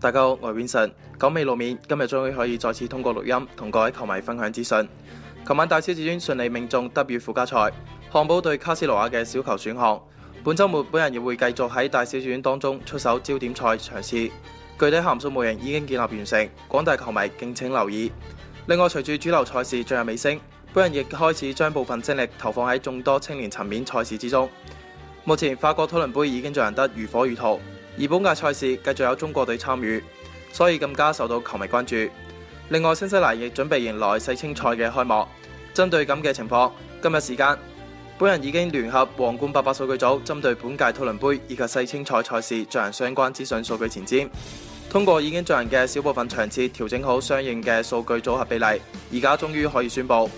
大家好，我係 Vincent，久未露面，今日終於可以再次通過錄音同各位球迷分享資訊。琴晚大小至尊順利命中德乙附加賽，漢堡對卡斯羅亞嘅小球選項。本周末本人亦會繼續喺大小至尊當中出手焦點賽場次，具體函數模型已經建立完成，廣大球迷敬請留意。另外，隨住主流賽事進入尾聲，本人亦開始將部分精力投放喺眾多青年層面賽事之中。目前法國土倫盃已經進行得如火如荼。而本屆賽事繼續有中國隊參與，所以更加受到球迷關注。另外，新西蘭亦準備迎來世青賽嘅開幕。針對咁嘅情況，今日時間，本人已經聯合皇冠八八數據組，針對本屆土倫杯以及世青賽賽事進行相關資訊數據前瞻。通過已經進行嘅小部分場次調整好相應嘅數據組合比例，而家終於可以宣布，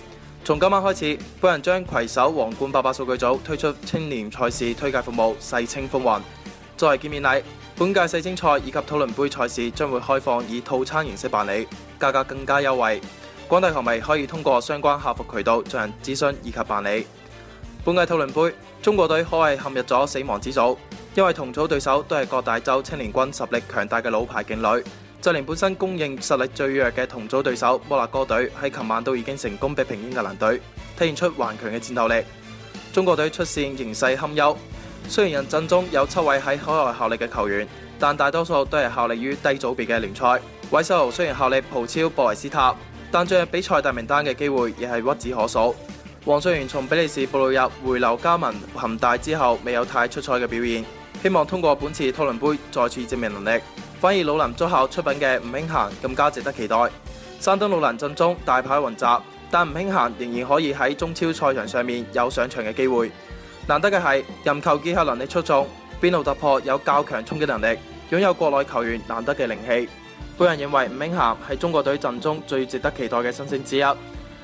從今晚開始，本人將攜手皇冠八八數據組推出青年賽事推介服務——世青風雲。作為見面禮，本屆世青賽以及土倫杯賽事將會開放以套餐形式辦理，價格更加優惠。廣大球迷可以通過相關客服渠道進行諮詢以及辦理。本屆土倫杯，中國隊可謂陷入咗死亡之組，因為同組對手都係各大洲青年軍實力強大嘅老牌勁旅。就連本身公認實力最弱嘅同組對手摩納哥隊，喺琴晚都已經成功逼平英格蘭隊，體現出頑強嘅戰鬥力。中國隊出線形勢堪憂。雖然人陣中有七位喺海外效力嘅球員，但大多數都係效力於低組別嘅聯賽。韋世豪雖然效力葡超博維斯塔，但進入比賽大名單嘅機會亦係屈指可數。王上源從比利時布魯日回流加盟恒大之後，未有太出賽嘅表現，希望通過本次土倫杯再次證明能力。反而魯能足校出品嘅吳興涵更加值得期待。山東魯能陣中大牌雲集，但吳興涵仍然可以喺中超賽場上面有上場嘅機會。難得嘅係，任球結合能力出眾，邊路突破有較強衝擊能力，擁有國內球員難得嘅靈氣。本人認為吳英涵係中國隊陣中最值得期待嘅新星之一。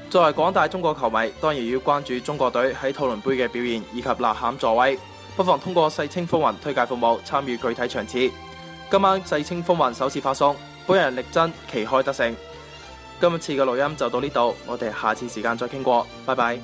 作為廣大中國球迷，當然要關注中國隊喺土倫盃嘅表現以及吶喊助威。不妨通過世青風雲推介服務參與具體場次。今晚世青風雲首次發送，本人力爭旗開得勝。今次嘅錄音就到呢度，我哋下次時間再傾過，拜拜。